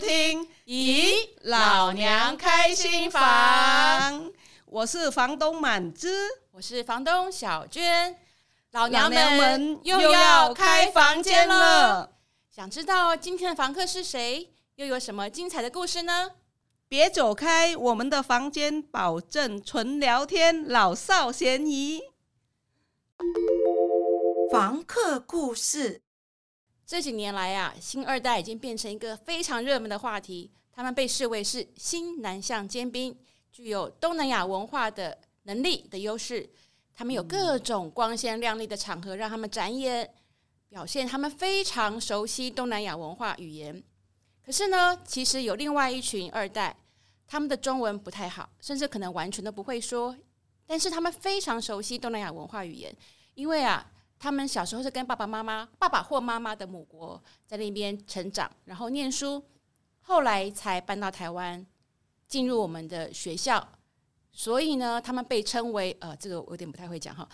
聽，咦，老娘開新房！我是房東滿之，我是房東小娟，老們，老娘們又要開房間了。想知道今天的房客是誰，又有什麼精彩的故事呢？別走開，我們的房間保證純聊天，老少咸宜。房客故事。這幾年來呀、啊，新二代已經變成一個非常熱門的話題。他們被視為是新南向尖兵，具有東南亞文化的能力的優勢。他們有各種光鮮亮麗的場合讓他們展演，表現他們非常熟悉東南亞文化語言。可是呢，其實有另外一群二代，他們的中文不太好，甚至可能完全都不會說。但是他們非常熟悉東南亞文化語言，因為啊。他們小時候是跟爸爸媽媽、爸爸或媽媽的母國在那邊成長，然後念書，後來才搬到台灣，進入我們的學校。所以呢，他們被稱為呃，這個我有點不太會講哈，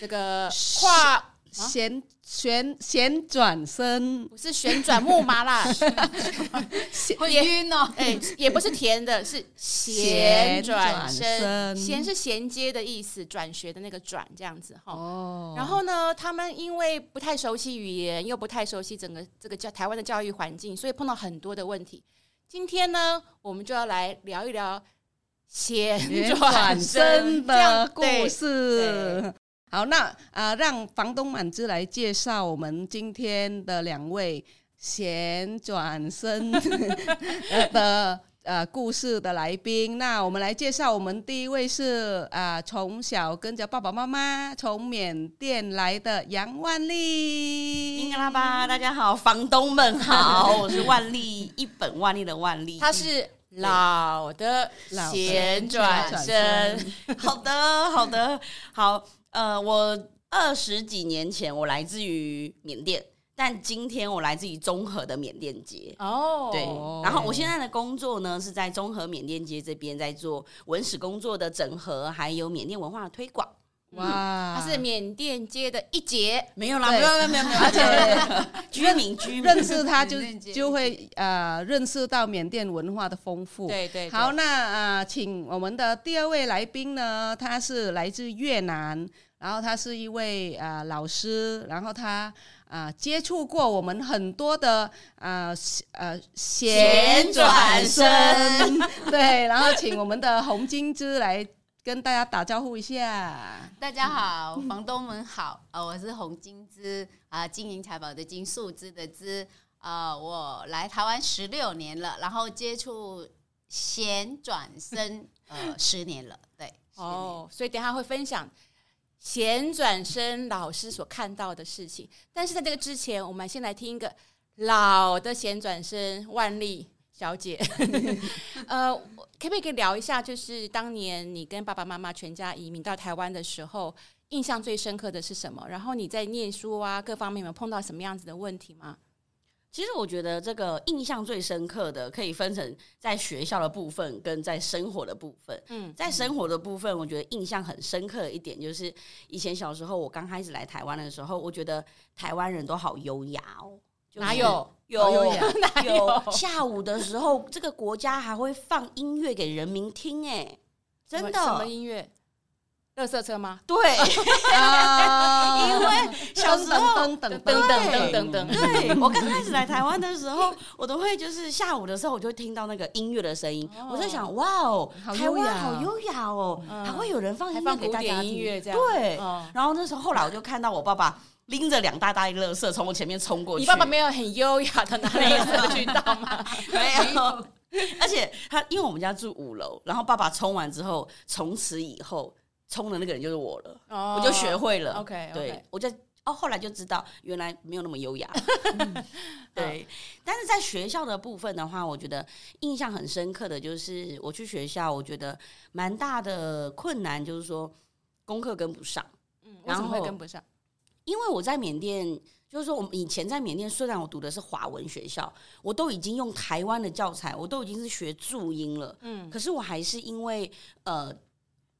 這個跨銜。啊銜、銜轉生，不是旋轉木馬啦 會暈哦。哎、欸，也不是甜的，是銜轉生，銜是銜接的意思，轉學的那個轉這樣子哈、哦。然後呢，他們因為不太熟悉語言，又不太熟悉整個這個叫台灣的教育環境，所以碰到很多的問題。今天呢，我們就要來聊一聊銜轉生，銜轉生的故事。好，那啊、呃，讓房東滿枝來介紹我們今天的兩位銜轉生的 的呃故事的來賓。 那我們來介紹，我們第一位是啊、呃，從小跟着爸爸媽媽從緬甸來的楊萬利。英格拉巴，大家好，房東們好， 我是萬利，一本萬利的萬利。他是老的銜轉、轉、轉生。好的，好的，好。 呃、uh，我二十幾年前我來自於緬甸，但今天我來自於中和的緬甸街哦，oh, 對。然後我現在的工作呢，是在中和緬甸街這邊在做文史工作的整合，還有緬甸文化的推廣。哇，他是緬甸街的一姐。嗯，沒有啦，沒有沒有沒有，而且居民居民認識他就就會呃認識到緬甸文化的豐富，對對。好，那呃，請我們的第二位來賓呢，他是來自越南，然後他是一位呃老師，然後他啊、呃、接觸過我們很多的呃呃銜轉生，轉 對，然後請我們的洪金枝來。跟大家打招呼一下，大家好， 房東們好啊！我是洪金枝啊，金銀財寶的金，樹枝的枝啊、呃，我來台灣十六年了，然後接觸銜轉生 呃十年了，對，哦 ，oh, 所以等一下會分享銜轉生老師所看到的事情，但是在這個之前，我們先來聽一個老的銜轉生萬利小姐， 呃，可以不可以聊一下？就是當年你跟爸爸媽媽全家移民到台灣的時候，印象最深刻的是什麼？然後你在念書啊，各方面有碰到什麼樣子的問題嗎？其實我覺得這個印象最深刻的，可以分成在學校的部分跟在生活的部分。嗯，在生活的部分，我覺得印象很深刻一點，就是以前小時候我剛開始來台灣的時候，我覺得台灣人都好優雅哦。就是、哪有有哪有，有， 有下午的時候，這個國家還會放音樂給人民聽誒、欸！真的。什麼音樂？垃圾車嗎？對，啊、 因為小時候等等等等等等，對，我剛開始來台灣的時候，我都會就是下午的時候，我就聽到那個音樂的聲音， 我在想哇哦，有台灣好優雅哦，嗯，還會有人放音樂給大家聽音樂這樣，對、嗯。然後那時候後來我就看到我爸爸。拎着兩大袋樂色從我前面衝過去。你爸爸沒有很優雅的拿垃圾去倒嗎？ 沒有。 而且他因為我們家住五樓，然後爸爸衝完之後，從此以後衝的那個人就是我了。哦、我就學會了。OK，, okay 對我就哦，後來就知道原來沒有那麼優雅。 對， 但是在學校的部分的話，我覺得印象很深刻的就是我去學校，我覺得蠻大的困難就是說功課跟不上。嗯然後，為什麼會跟不上？因為我在緬甸，就是說，我們以前在緬甸，雖然我讀的是華文學校，我都已經用台灣的教材，我都已經是學注音了。嗯、可是我還是因為呃，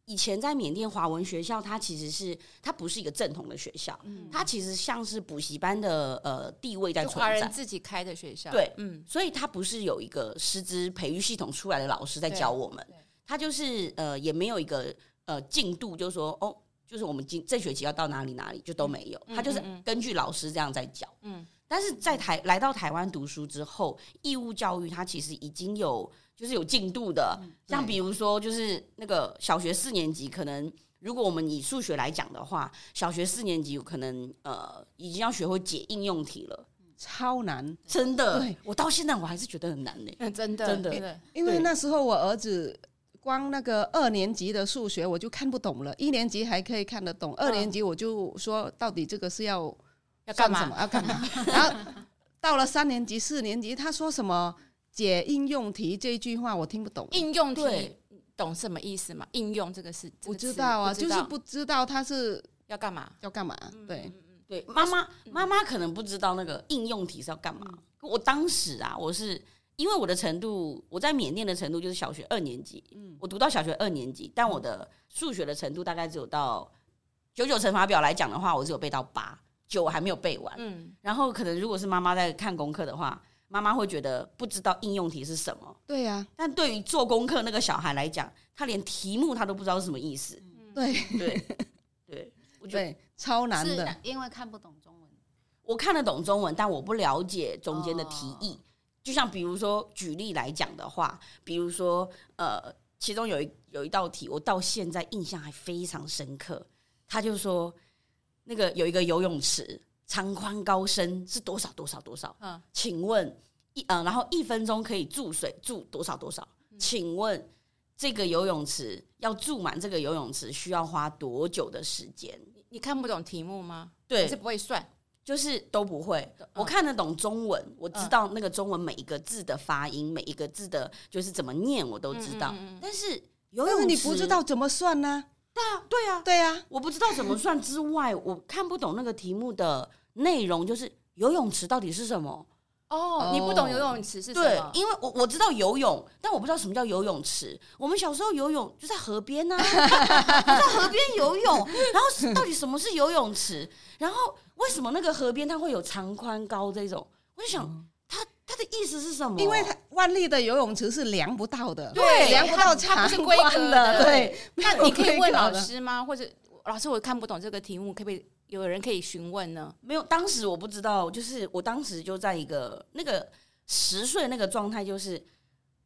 以前在緬甸華文學校，它其實是它不是一個正統的學校，嗯、它其實像是補習班的呃地位在存在，自己開的學校，對、嗯，所以它不是有一個師資培育系統出來的老師在教我們，它就是呃也沒有一個呃進度，就是說哦。就是我們今這學期要到哪裡哪裡就都沒有，他、嗯嗯嗯嗯、就是根據老師這樣在教。嗯，嗯，嗯，但是在台來到台灣讀書之後，義務教育它其實已經有就是有進度的，像比如說就是那個小學四年級，可能如果我們以數學來講的話，小學四年級可能呃已經要學會解應用題了，超難，真的。我到現在我還是覺得很難呢、欸嗯。真的真的，真的、欸真的欸。因為那時候我兒子。光那個二年級的數學我就看不懂了，一年級還可以看得懂，嗯、二年級我就說到底這個是要什麼要幹嘛？要幹嘛？ 然後到了三年級、四年級，他說什麼解應用題，這一句話我聽不懂。應用題懂什麼意思嗎？應用這個是不知道啊不知道，就是不知道他是要幹嘛？要幹嘛？嗯、對、嗯、對，媽媽、嗯、媽媽可能不知道那個應用題是要幹嘛。嗯、我當時啊，我是。因為我的程度，我在緬甸的程度就是小學二年級，嗯。我讀到小學二年級，但我的數學的程度大概只有到九九乘法表來講的話，我只有背到八九，我還沒有背完，嗯。然後可能如果是媽媽在看功課的話，媽媽會覺得不知道應用題是什麼。對呀，啊，但對於做功課那個小孩來講，他連題目他都不知道是什麼意思。嗯、對對 對，我覺得對超難的，因為看不懂中文。我看得懂中文，但我不了解中間的題意。哦就像比如說舉例來講的話，比如說呃，其中有一有一道題我到現在印象還非常深刻。他就說，那個有一個游泳池，長寬高深是多少多少多少，嗯，請問一呃，然後一分鐘可以注水注多少多少，請問這個游泳池要注滿這個游泳池需要花多久的時間？你你看不懂題目嗎？對，是不會算。就是都不會、嗯，我看得懂中文、嗯，我知道那個中文每一個字的發音，嗯、每一個字的就是怎麼念我都知道。嗯、但是游泳池，但是你不知道怎麼算呢、啊？對啊，對啊，對啊，我不知道怎麼算之外，我看不懂那個題目的內容，就是游泳池到底是什麼。哦、oh, oh,，你不懂游泳池是什麼？對，因為我我知道游泳，但我不知道什麼叫游泳池。我們小時候游泳就在河邊吶、啊， 在河邊游泳。然後到底什麼是游泳池？然後為什麼那個河邊它會有長、寬、高這種？我就想它，它它的意思是什麼？因為它萬利的游泳池是量不到的，對，量不到的，它不是規定的。對，對，對的，那你可以問老師嗎？或者老師，我看不懂這個題目，可不可以？有人可以詢問呢？沒有，當時我不知道，就是我當時就在一個那個十歲那個狀態，就是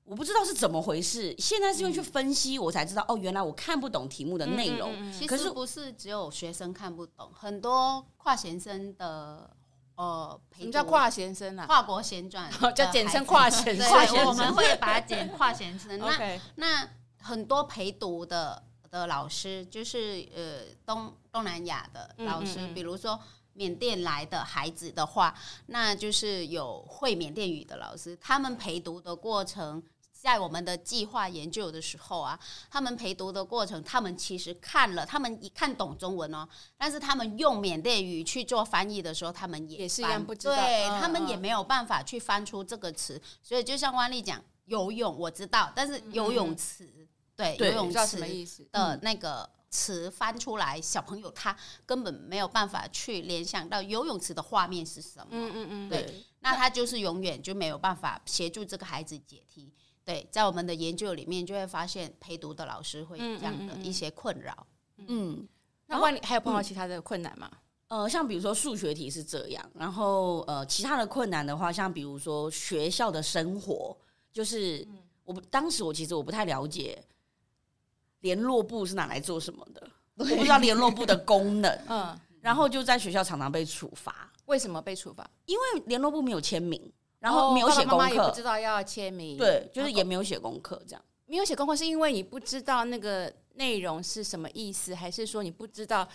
我不知道是怎麼回事。現在是因為去分析，我才知道、嗯、哦，原來我看不懂題目的內容、嗯嗯嗯，可是。其實不是只有學生看不懂，很多跨銜生的、的呃，你麼叫跨銜生啊？跨國銜轉就簡稱跨銜 生，對，我們會把它簡跨銜生。 那、okay. 那，那很多陪讀的。的老師就是呃東東南亞的老師，就是呃、老師嗯嗯嗯比如說緬甸來的孩子的話，那就是有會緬甸語的老師。他們陪讀的過程，在我們的計劃研究的時候啊，他們陪讀的過程，他們其實看了，他們一看懂中文哦，但是他們用緬甸語去做翻譯的時候，他們也，也是一樣不知道，對嗯嗯他們也沒有辦法去翻出這個詞。所以就像萬利講，游泳我知道，但是游泳池。嗯嗯對，對游泳池的那個詞翻、嗯、翻出來，小朋友他根本沒有辦法去聯想到游泳池的畫面是什麼。嗯嗯，嗯對，對，那他就是永遠就沒有辦法協助這個孩子解題。對，在我們的研究裡面就會發現陪讀的老師會有這樣的一些困擾。嗯，嗯嗯嗯，那萬一還有碰到其他的困難嗎、嗯？呃，像比如說數學題是這樣，然後呃，其他的困難的話，像比如說學校的生活，就是、嗯、我不當時我其實我不太了解。聯絡簿是拿來做什麼的？我不知道聯絡簿的功能。嗯，然後就在學校常常被處罰。為什麼被處罰？因為聯絡簿沒有簽名，然後沒有寫功課，哦、媽媽也不知道要簽名。對，就是也沒有寫功課，這樣、嗯、沒有寫功課是因為你不知道那個內容是什麼意思，還是說你不知道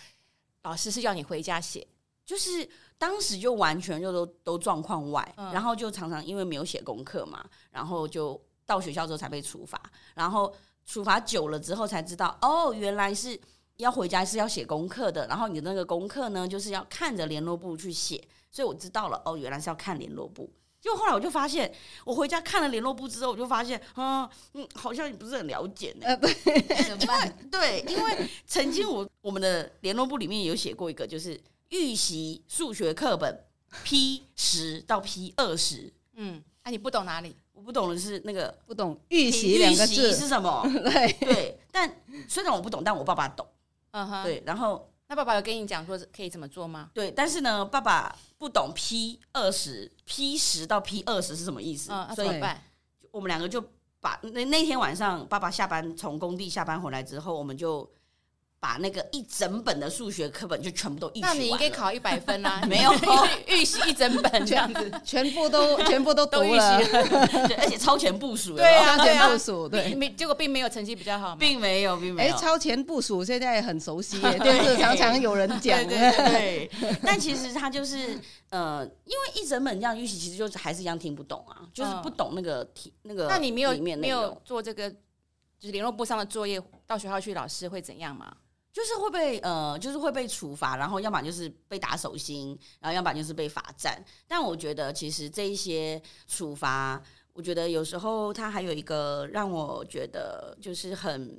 老師是叫你回家寫？就是當時就完全就都都狀況外、嗯，然後就常常因為沒有寫功課嘛，然後就到學校之後才被處罰，然後。處罰久了之後才知道，哦，原來是要回家是要寫功課的。然後你的那個功課呢，就是要看着聯絡簿去寫。所以我知道了，哦，原來是要看聯絡簿。就後來我就發現，我回家看了聯絡簿之後，我就發現，嗯、啊，嗯，好像你不是很了解。呃，對，因為對，因為曾經我 我們的聯絡簿裡面有寫過一個，就是預習數學課本 P 十到 P 二十。嗯，啊，你不懂哪裡？不懂的是那個不懂預習兩個字，預習，是什麼？ 對、對，但雖然我不懂，但我爸爸懂。嗯、uh -huh, 對。然後那爸爸有跟你講說可以怎麼做嗎？對，但是呢，爸爸不懂 P 二十 P 十到 P 二十是什麼意思？嗯、uh -huh.，所以，我們兩個就把那那天晚上爸爸下班從工地下班回來之後，我們就。把那個一整本的數學課本就全部都預習完，那你應該考一百分啊！ 沒有 預習一整本這樣子全，全部都全部都讀了 都預習了， 而且超前部署。對啊，超前部署， 對沒結果，並沒有成績比較好，並沒有，並沒有、欸。哎，超前部署現在也很熟悉耶，就 是常常有人講， 對,對,對,對 但其實他就是呃，因為一整本這樣預習，其實就是還是一樣聽不懂啊，就是不懂那個題那個、嗯。那你沒有沒有做這個就是聯絡簿上的作業，到學校去老師會怎樣嘛就是會被呃，就是會被處罰，然後要麼就是被打手心，然後要麼就是被罰站。但我覺得其實這一些處罰，我覺得有時候他還有一個讓我覺得就是很，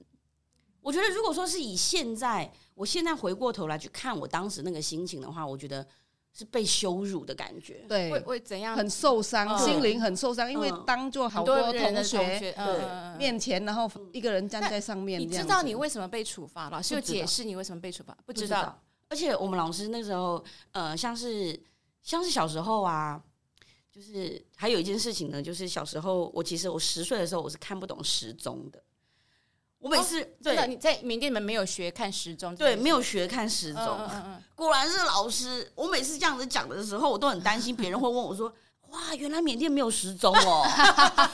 我覺得如果說是以現在，我現在回過頭來去看我當時那個心情的話，我覺得。是被羞辱的感覺，對，會會怎樣？很受傷，心靈很受傷，因為當做好多同學、多同學、呃、對面前，然後一個人站在上面，你知道你為什麼被處罰？老師又解釋你為什麼被處罰？不知道。而且我們老師那時候，呃，像是像是小時候啊，就是還有一件事情呢，就是小時候我其實我十歲的時候，我是看不懂時鐘的。我每次、哦、真的對。你在緬甸，你們沒有學看時鐘，對，沒有學看時鐘、嗯嗯嗯，果然是老師。我每次這樣子講的時候，我都很擔心別人會問我說：“ 哇，原來緬甸沒有時鐘哦？”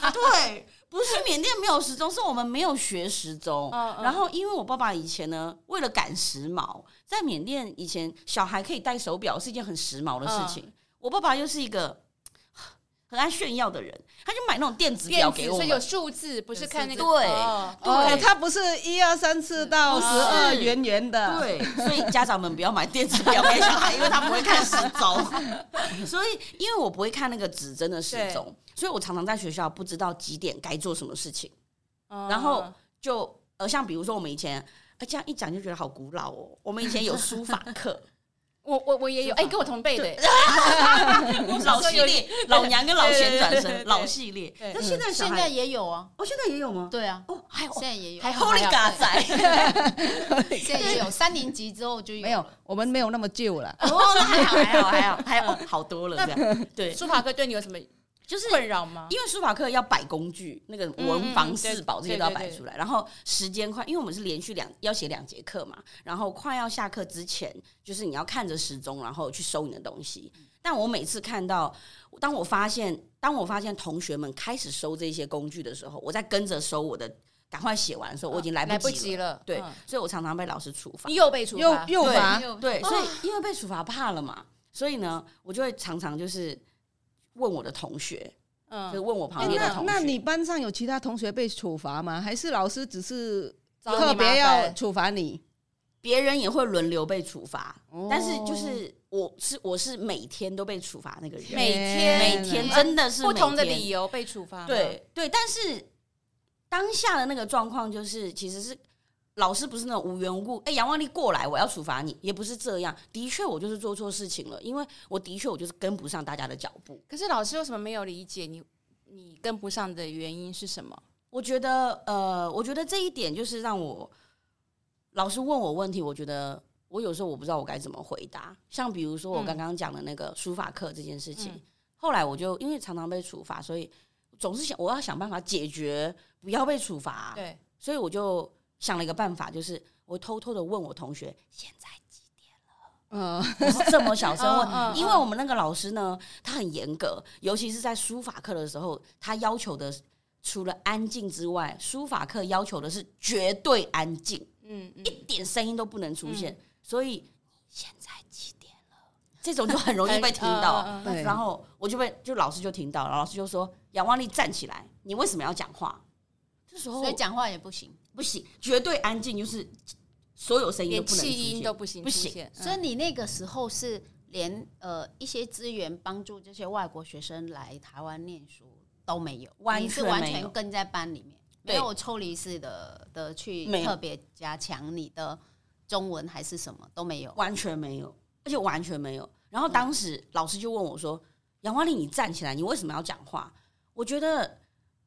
對，不是緬甸沒有時鐘， 是我們沒有學時鐘、嗯。然後，因為我爸爸以前呢，為了趕時髦，在緬甸以前小孩可以戴手錶是一件很時髦的事情。嗯、我爸爸又是一個。很愛炫耀的人，他就買那種電子表給我們，所以有數字，不是看那個對、哦、對，他不是一二三四到十二圓圓的、哦，對，所以家長們不要買電子表給小孩， 因為他不會看時鐘。 所以因為我不會看那個指針的時鐘，所以我常常在學校不知道幾點該做什麼事情，哦、然後就呃，像比如說我們以前，啊，這樣一講就覺得好古老哦。我們以前有書法課。 我我我也有，哎，跟、欸、我同輩的、欸 老老老，老系列，老娘跟老銜轉生，老系列。那、嗯、現在、嗯、現在也有啊，我、哦、現在也有嗎？對啊，哦，還有現在也有，還有 Holy g 嘎仔， 現在也有。 三年級之後就有，沒有，我們沒有那麼舊了。 哦，那還好，還好，還好，還好多了。對那，書法課對你有什麼？就是困擾嗎？因為書法課要擺工具，那個文房四寶這些都要擺出來，嗯。然後時間快，因為我們是連續兩要寫兩節課嘛。然後快要下課之前，就是你要看着時鐘，然後去收你的東西。但我每次看到，當我發現，當我發現同學們開始收這些工具的時候，我在跟着收我的，趕快寫完的時候，啊、我已經來不及了。來不及了，對、嗯，所以我常常被老師處罰，又被處罰，又，又罰，對，又對，又對、哦，所以因為被處罰怕了嘛，所以呢，我就會常常就是。問我的同學，嗯、就問我旁邊的同學，欸，那、那你班上有其他同學被處罰嗎？還是老師只是特別要處罰你？別人也會輪流被處罰。哦，但是就是我是我是每天都被處罰那個人，天啊，每天每天，嗯，真的是不同的理由被處罰，對對，但是當下的那個狀況就是其實是。老師不是那種無緣無故哎，楊萬利，過來，我要處罰你，也不是這樣。的確，我就是做錯事情了，因為我的確我就是跟不上大家的腳步。可是老師為什麼沒有理解你？你跟不上的原因是什麼？我覺得，呃，我覺得這一點就是讓我老師問我問題，我覺得我有時候我不知道我該怎麼回答。像比如說我剛剛講的那個書法課這件事情，嗯。後來我就因為常常被處罰，所以總是想我要想辦法解決，不要被處罰。對，所以我就。想了一個辦法，就是我偷偷的問我同學現在幾點了？嗯、oh.，這麼小聲問，oh, oh, oh, oh. 因為我們那個老師呢，他很嚴格，尤其是在書法課的時候，他要求的除了安靜之外，書法課要求的是絕對安靜，嗯、mm -hmm.，一點聲音都不能出現。Mm -hmm. 所以現在幾點了？這種就很容易被聽到。 oh, oh, oh, oh. 然後我就被就老師就聽到了，老師就說：“楊萬利，站起來，你為什麼要講話？”這時候誰講話也不行。不行，絕對安靜，就是所有聲音連氣音都不行，不行，嗯。所以你那個時候是連呃一些資源幫助這些外國學生來台灣念書都沒有，沒有，你是完全跟在班裡面，沒有抽離式的的去特別加強你的中文還是什麼都沒有，完全沒有，而且完全沒有。然後當時老師就問我說：“楊萬利，你站起來，你為什麼要講話？”我覺得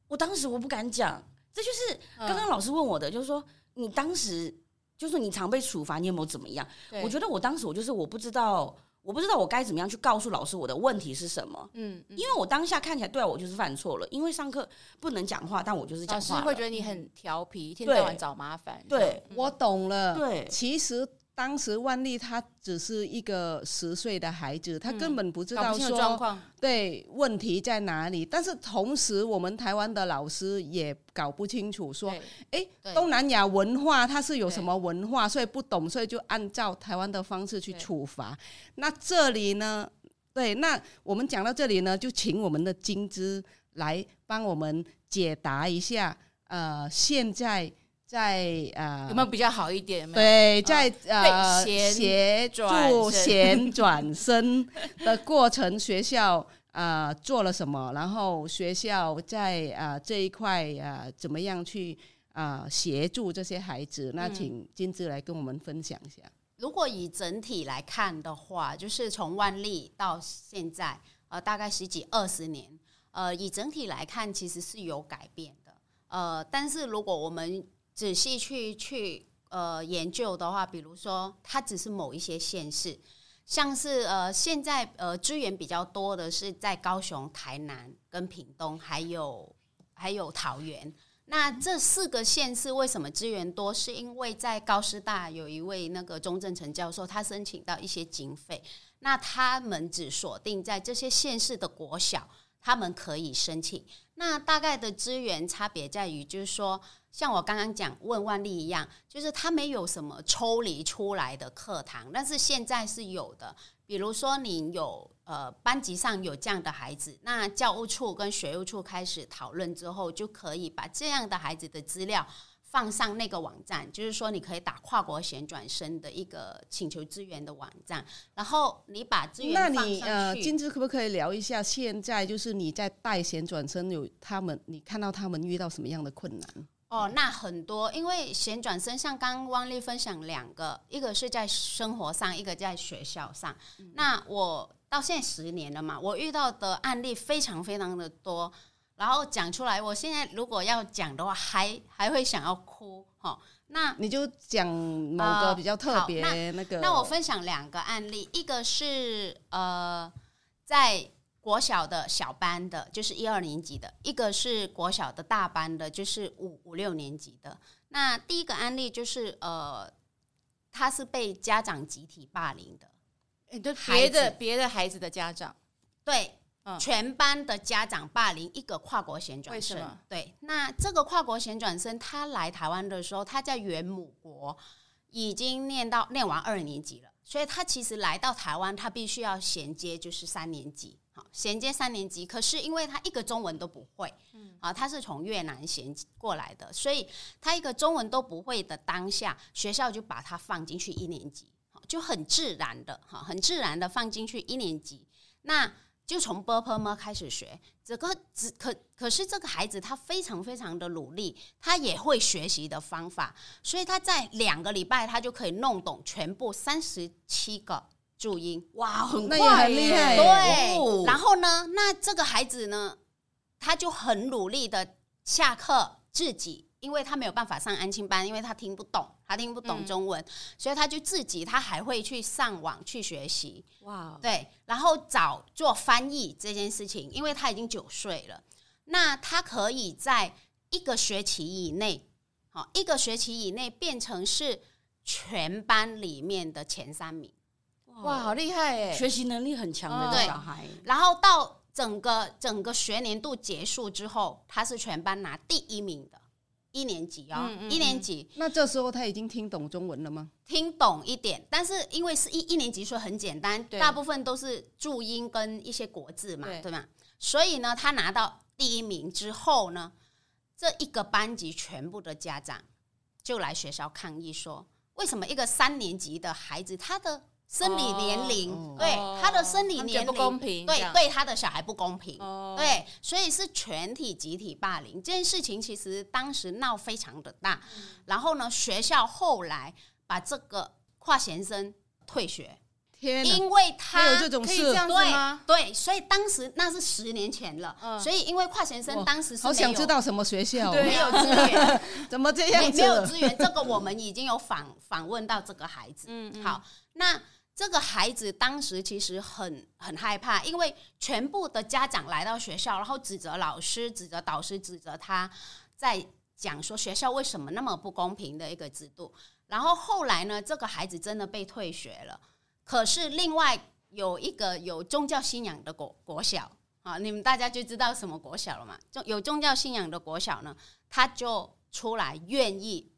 我當時我不敢講。這就是剛剛老師問我的、嗯，就是說你當時，就是你常被處罰，你有沒有怎麼樣？我覺得我當時我就是我不知道，我不知道我該怎麼樣去告訴老師我的問題是什麼。嗯，嗯，因為我當下看起來對、啊、我就是犯錯了，因為上課不能講話，但我就是講話。老師會覺得你很調皮，嗯、一天到晚找麻煩。對，對、嗯、我懂了。對，其實。當時萬利他只是一個十歲的孩子，他根本不知道說、嗯、狀況對，問題在哪裡。但是同時，我們台灣的老師也搞不清楚說，說哎，東南亞文化它是有什麼文化，所以不懂，所以就按照台灣的方式去處罰。那這裡呢？對，那我們講到這裡呢，就請我們的金枝來幫我們解答一下。呃，現在。在啊、呃，有沒有比較好一點？有有對，在呃，協助銜轉生的過程， 學校啊、呃、做了什麼？然後學校在啊、呃、這一塊啊、呃、怎麼樣去啊協、呃、助這些孩子？嗯、那請金枝來跟我們分享一下。如果以整體來看的話，就是從萬利到現在啊、呃，大概十幾二十年，呃，以整體來看，其實是有改變的。呃，但是如果我們仔細去去呃研究的話，比如說，它只是某一些縣市，像是呃現在呃資源比較多的是在高雄、台南跟屏東，還有還有桃園。那這四個縣市為什麼資源多？是因為在高師大有一位那個鍾正成教授，他申請到一些經費，那他們只鎖定在這些縣市的國小，他們可以申請。那大概的資源差別在於，就是說。像我剛剛講問萬利一樣，就是他沒有什麼抽離出來的課堂，但是現在是有的。比如說，你有呃班級上有這樣的孩子，那教務處跟學務處開始討論之後，就可以把這樣的孩子的資料放上那個網站，就是說你可以打跨國銜轉生的一個請求資源的網站，然後你把資源放上，那你呃金枝，可不可以聊一下，現在就是你在帶銜轉生有他們，你看到他們遇到什麼樣的困難？哦，那很多，因為銜轉生，像剛剛萬利分享兩個，一個是在生活上，一個在學校上。那我到現在十年了嘛，我遇到的案例非常非常的多，然後講出來，我現在如果要講的話，還還會想要哭哦，那你就講某個比較特別、呃、那、那個、那我分享兩個案例，一個是呃，在。國小的小班的，就是一二年級的；一個是國小的大班的，就是五五六年級的。那第一個案例就是，呃，他是被家長集體霸凌的，對、欸、別的別的孩子的家長，對、嗯、全班的家長霸凌一個跨國銜轉生。對，那這個跨國銜轉生他來台灣的時候，他在原母國已經念到念完二年級了，所以他其實來到台灣，他必須要銜接就是三年級。好，銜接三年級，可是因為他一個中文都不會，嗯，啊，他是從越南銜接過來的，所以他一個中文都不會的當下，學校就把他放進去一年級，就很自然的哈，很自然的放進去一年級，那就從 ㄅㄆㄇ 開始學，這個只可可是這個孩子他非常非常的努力，他也會學習的方法，所以他在兩個禮拜他就可以弄懂全部三十七個。注音哇，很快，很厲害。對、哦，然後呢？那這個孩子呢？他就很努力的下課自己，因為他沒有辦法上安親班，因為他聽不懂，他聽不懂中文，嗯、所以他就自己，他還會去上網去學習。哇，對，然後找做翻譯這件事情，因為他已經九歲了，那他可以在一個學期以內，好，一個學期以內變成是全班裡面的前三名。哇，好厲害。學習能力很強的小孩，哦對。然後到整個整個學年度結束之後，他是全班拿第一名的。一年級啊，哦嗯嗯嗯，一年級。那這時候他已經聽懂中文了嗎？聽懂一點，但是因為是一一年級，所以很簡單，大部分都是注音跟一些國字嘛，對嗎？所以呢，他拿到第一名之後呢，這一個班級全部的家長就來學校抗議說：“為什麼一個三年級的孩子，他的？”生理年齡、哦、對、哦、他的生理年齡不公平對對，對他的小孩不公平，哦，對，所以是全體集體霸凌這件事情，其實當時鬧非常的大，嗯，然後呢，學校後來把這個銜轉生退學，因為他有這種事，樣子對對，所以當時那是十年前了，嗯，所以因為銜轉生當時好想知道什麼學校，啊 啊，沒有資源， 怎麼這樣沒有資源？這個我們已經有訪訪問到這個孩子，嗯，好，那。這個孩子當時其實很很害怕，因為全部的家長來到學校，然後指責老師、指責導師、指責他，在講說學校為什麼那麼不公平的一個制度。然後後來呢，這個孩子真的被退學了。可是另外有一個有宗教信仰的國國小啊，你們大家就知道什麼國小了嘛，就有宗教信仰的國小呢，他就出來願意。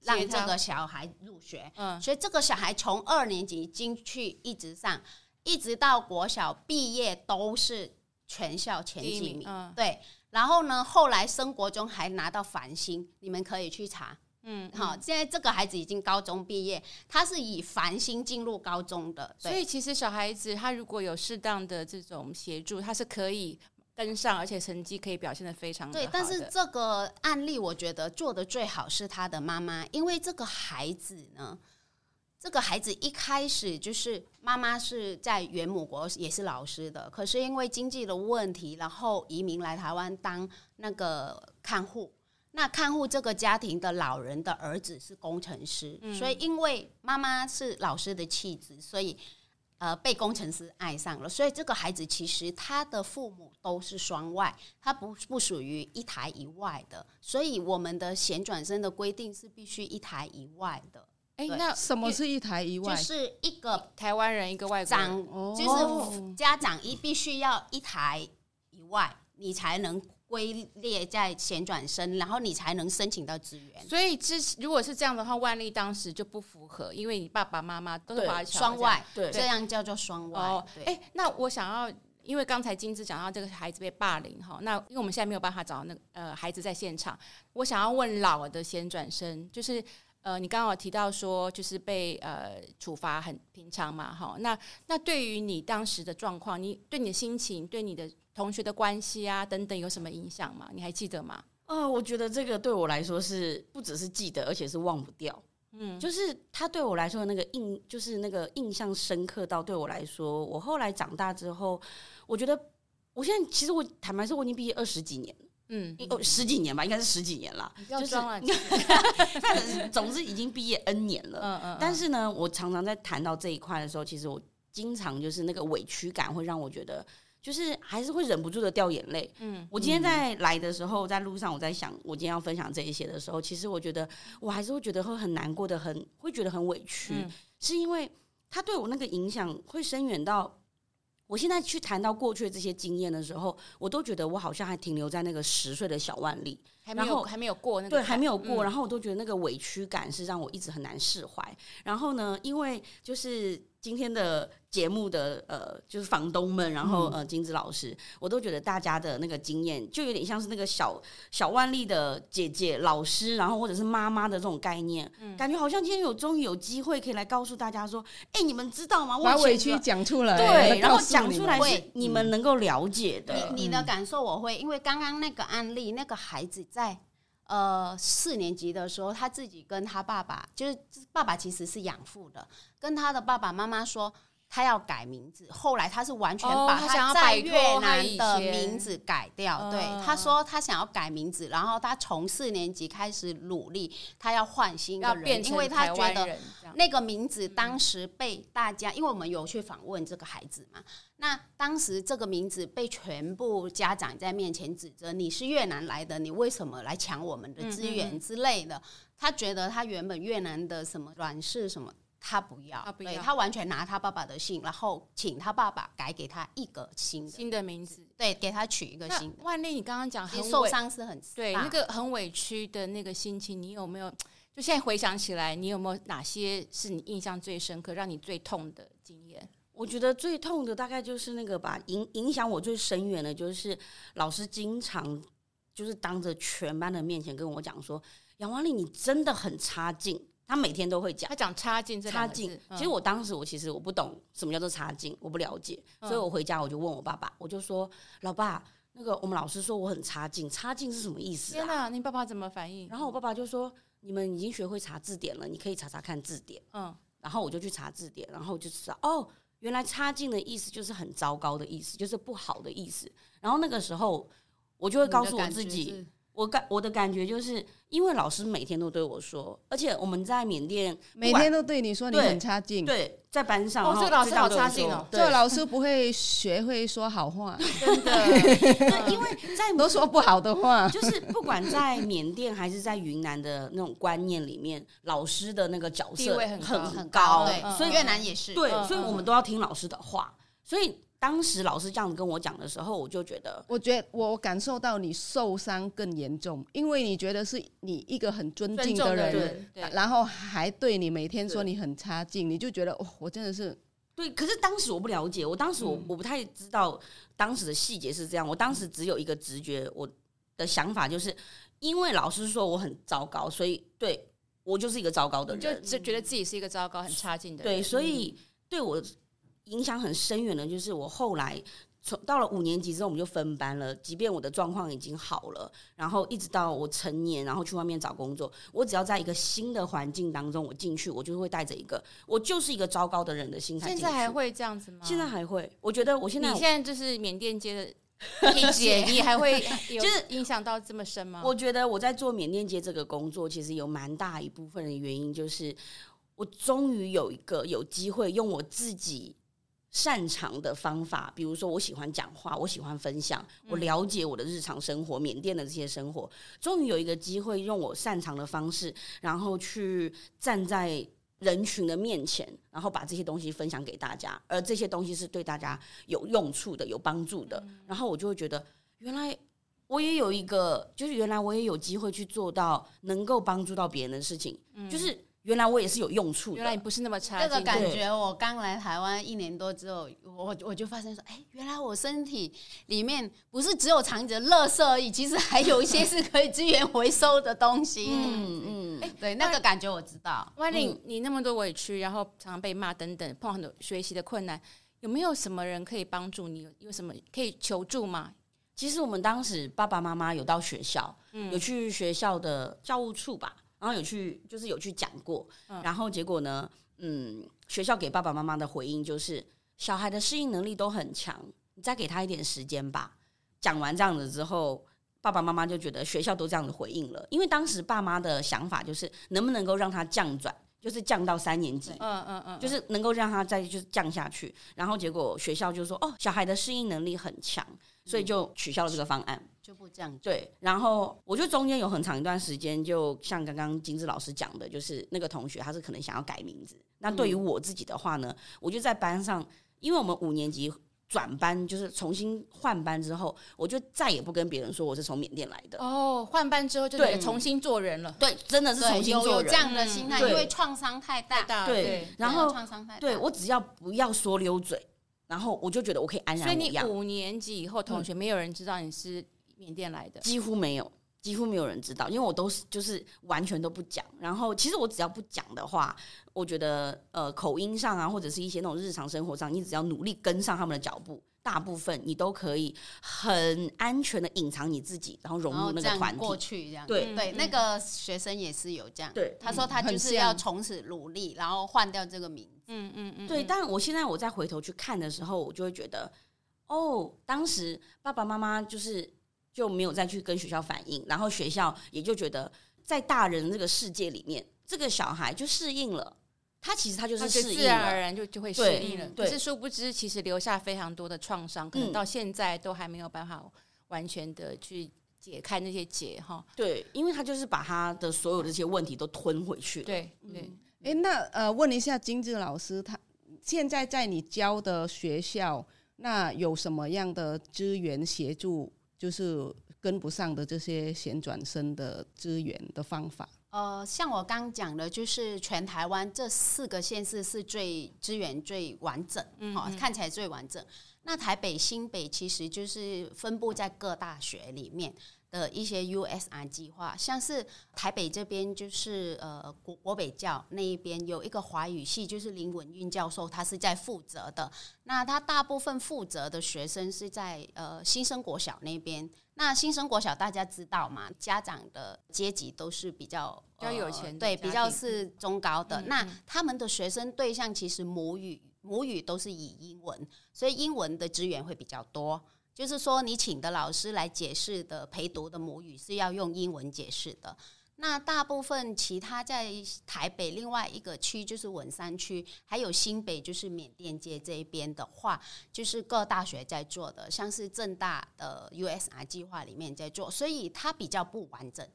讓這個小孩入學，所以、嗯、這個小孩從二年級進去一直上，一直到國小畢業都是全校前幾名。嗯、對，然後呢，後來升國中還拿到繁星，你們可以去查。嗯，好、嗯，現在這個孩子已經高中畢業，他是以繁星進入高中的，所以其實小孩子他如果有適當的這種協助，他是可以跟上，而且成績可以表現得非常的好的。對，但是這個案例我覺得做得最好是他的媽媽，因為這個孩子呢，這個孩子一開始就是媽媽是在原母國也是老師的，可是因為經濟的問題，然後移民來台灣當那個看護。那看護這個家庭的老人的兒子是工程師，嗯、所以因為媽媽是老師的妻子，所以。呃，被工程師愛上了，所以這個孩子其實他的父母都是雙外，他不不屬於一台一外的，所以我們的銜轉生的規定是必須一台一外的。哎，那什麼是一台一外？就是一個台灣人，一個外國人長，就是家長一必須要一台以外，你才能，歸列在銜轉生，然後你才能申請到資源。所以之如果是這樣的話，萬利當時就不符合，因為你爸爸媽媽都是華僑雙外，這，這樣叫做雙外。哦，哎、欸，那我想要，因為剛才金枝講到這個孩子被霸凌哈，那因為我們現在沒有辦法找到那個、呃孩子在現場，我想要問老的銜轉生，就是呃你剛剛有提到說就是被呃處罰很平常嘛哈，那那對於你當時的狀況，你對你的心情，對你的。同學的關係啊，等等，有什麼影響嗎？你還記得嗎？啊、呃，我覺得這個對我來說是不只是記得，而且是忘不掉。嗯，就是他對我來說的那個印，就是那個印象深刻到對我來說，我後來長大之後，我覺得我現在其實我坦白說，我已經畢業二十幾年了，嗯，哦、嗯，十幾年吧，應該是十幾年了。不要裝了，就是、 總之已經畢業 N 年了。嗯嗯，嗯。但是呢，我常常在談到這一塊的時候，其實我經常就是那個委屈感會讓我覺得。就是還是會忍不住的掉眼淚。嗯，我今天在來的時候，嗯、在路上，我在想，我今天要分享這一些的時候，其實我覺得我還是會覺得會很難過的，很會覺得很委屈，嗯、是因為他對我那個影響會深遠到，我現在去談到過去的這些經驗的時候，我都覺得我好像還停留在那個十歲的小萬利還沒有然後還沒有過那個對，還沒有過、嗯，然後我都覺得那個委屈感是讓我一直很難釋懷。然後呢，因為就是。今天的節目的呃，就是房東們，然後、嗯、呃，金枝老師，我都覺得大家的那個經驗，就有點像是那個小小萬利的姐姐、老師，然後或者是媽媽的這種概念、嗯，感覺好像今天有終於有機會可以來告訴大家說，哎、欸，你們知道嗎？我把委屈講出來，對，然後講出來是你們能夠了解的、嗯你。你的感受，我會因為剛剛那個案例，那個孩子在。呃，四年級的時候，他自己跟他爸爸，就是爸爸其實是養父的，跟他的爸爸媽媽說。他要改名字，後來他是完全把他在越南的名字改掉。哦、對，他說他想要改名字，然後他從四年級開始努力，他要換新的人，要變成台灣人這樣子。因為他覺得那個名字當時被大家，嗯、因為我們有去訪問這個孩子嘛，那當時這個名字被全部家長在面前指責，你是越南來的，你為什麼來搶我們的資源之類的嗯嗯。他覺得他原本越南的什麼阮氏什麼。他不要，他不要，對，他完全拿他爸爸的姓，然後請他爸爸改給他一個新的新的名字，對，給他取一個新的。萬利，你剛剛講很受傷，是很對那個很委屈的那個心情，你有沒有？就現在回想起來，你有沒有哪些是你印象最深刻、讓你最痛的經驗？我覺得最痛的大概就是那個吧，影影響我最深遠的就是老師經常就是當着全班的面前跟我講說：“楊萬利，你真的很差勁。”他每天都會講，他講差勁，差勁。其實我當時，我其實我不懂什麼叫做差勁，我不了解，嗯，所以我回家我就問我爸爸，我就說：“老爸，那個我們老師說我很差勁，差勁是什麼意思啊？”天哪，你爸爸怎麼反應？然後我爸爸就說：“你們已經學會查字典了，你可以查查看字典。”嗯，然後我就去查字典，然後就知道哦，原來差勁的意思就是很糟糕的意思，就是不好的意思。然後那個時候，我就會告訴我自己。我感，我的感覺就是，因為老師每天都對我說，而且我們在緬甸每天都對你說你很差勁，對，在班上哈，這、哦、老師好差勁哦，這老師不會學會說好話， 嗯、對，因為在都說不好的話，嗯、就是不管在緬甸還是在雲南的那種觀念裡面，老師的那個角色地位很高，很高，對，所以、嗯、對，越南也是、嗯，對，所以我們都要聽老師的話，所以。當時老師這樣跟我講的時候，我就覺得，我覺得我感受到你受傷更嚴重，因為你覺得是你一個很尊敬的人，尊重的對，對，然後還對你每天說你很差勁，你就覺得、哦、我真的是對。可是當時我不了解，我當時我我不太知道當時的細節是這樣、嗯。我當時只有一個直覺，我的想法就是因為老師說我很糟糕，所以對我就是一個糟糕的人，就覺得自己是一個糟糕很差勁的人。對，所以對我。影響很深遠的，就是我後來從到了五年級之後，我們就分班了。即便我的狀況已經好了，然後一直到我成年，然後去外面找工作，我只要在一個新的環境當中，我進去，我就會帶着一個我就是一個糟糕的人的心態。現在還會這樣子嗎？現在還會。我覺得我現在你現在就是緬甸街的，萍姐， 你還會有就是影響到這麼深嗎？就是、我覺得我在做緬甸街這個工作，其實有蠻大一部分的原因，就是我終於有一個有機會用我自己。擅長的方法，比如說，我喜歡講話，我喜歡分享，我了解我的日常生活，緬甸的這些生活，終於有一個機會用我擅長的方式，然後去站在人群的面前，然後把這些東西分享給大家，而這些東西是對大家有用處的、有幫助的，然後我就會覺得，原來我也有一個，就是原來我也有機會去做到能夠幫助到別人的事情，就是。原來我也是有用處，但原來不是那麼差的那個感覺，我剛來台灣一年多之後，我我就發現說，哎，原來我身體裡面不是只有藏着垃圾而已，其實還有一些是可以資源回收的東西。 嗯嗯，對，那個感覺我知道。萬、嗯、利、嗯，你那麼多委屈，然後常常被罵等等，碰到很多學習的困難，有沒有什麼人可以幫助你？有什麼可以求助嗎？其實我們當時爸爸媽媽有到學校，嗯、有去學校的教務處吧。然後有去，就是有去講過、嗯，然後結果呢，嗯，學校給爸爸媽媽的回應就是，小孩的適應能力都很強，你再給他一點時間吧。講完這樣子之後，爸爸媽媽就覺得學校都這樣子回應了，因為當時爸媽的想法就是，能不能夠讓他降轉，就是降到三年級，嗯嗯嗯，嗯，就是能夠讓他再就是降下去。然後結果學校就說，哦，小孩的適應能力很強，所以就取消了這個方案。嗯就不這樣子對，然後我覺得中間有很長一段時間，就像剛剛金枝老師講的，就是那個同學他是可能想要改名字。嗯、那對於我自己的話呢，我就在班上，因為我們五年級轉班，就是重新換班之後，我就再也不跟別人說我是從緬甸來的。哦，換班之後就對重新做人了，對，嗯、對，真的是重新做人了，這樣的心態、嗯，因為創傷太大。對，對對，然後創傷太大，我只要不要說溜嘴，然後我就覺得我可以安然無恙。所以你五年級以後，同學沒有人知道你是緬甸來的幾乎沒有，幾乎沒有人知道，因為我都是就是完全都不講。然後其實我只要不講的話，我覺得呃口音上啊，或者是一些那種日常生活上，你只要努力跟上他們的腳步，大部分你都可以很安全的隱藏你自己，然後融入那個團體。過去這樣子對、嗯嗯、對，那個學生也是有這樣，對、嗯、他說他就是要從此努力，然後換掉這個名字。嗯嗯嗯，對嗯。但我現在我再回頭去看的時候，我就會覺得，哦，當時爸爸媽媽就是。就沒有再去跟學校反映，然後學校也就覺得在大人這個世界裡面，這個小孩就適應了。他其實他就是適應了，他自然而然就就會適應了對、嗯對，可是殊不知其實留下非常多的創傷，可能到現在都還沒有辦法完全的去解開那些結哈、嗯。對，因為他就是把他的所有這些問題都吞回去了。對，對。哎、嗯，那呃，問一下金枝老師，他現在在你教的學校，那有什麼樣的資源協助？就是跟不上的這些銜轉生的資源的方法。呃，像我剛講的，就是全台灣這四個縣市是最資源最完整，哈、嗯嗯，看起來最完整。那台北、新北其實就是分布在各大學裡面。的一些 USR 計劃，像是台北這邊就是呃國國北教那一邊有一個華語系，就是林文韻教授，他是在負責的。那他大部分負責的學生是在呃新生國小那邊。那新生國小大家知道嘛？家長的階級都是比較比較有錢，對，比較是中高的嗯嗯。那他們的學生對象其實母語母語都是以英文，所以英文的資源會比較多。就是說，你請的老師來解釋的陪讀的母語是要用英文解釋的。那大部分其他在台北另外一個區，就是文山區，還有新北，就是緬甸街這邊的話，就是各大學在做的，像是政大的 USR 計劃裡面在做，所以它比較不完整。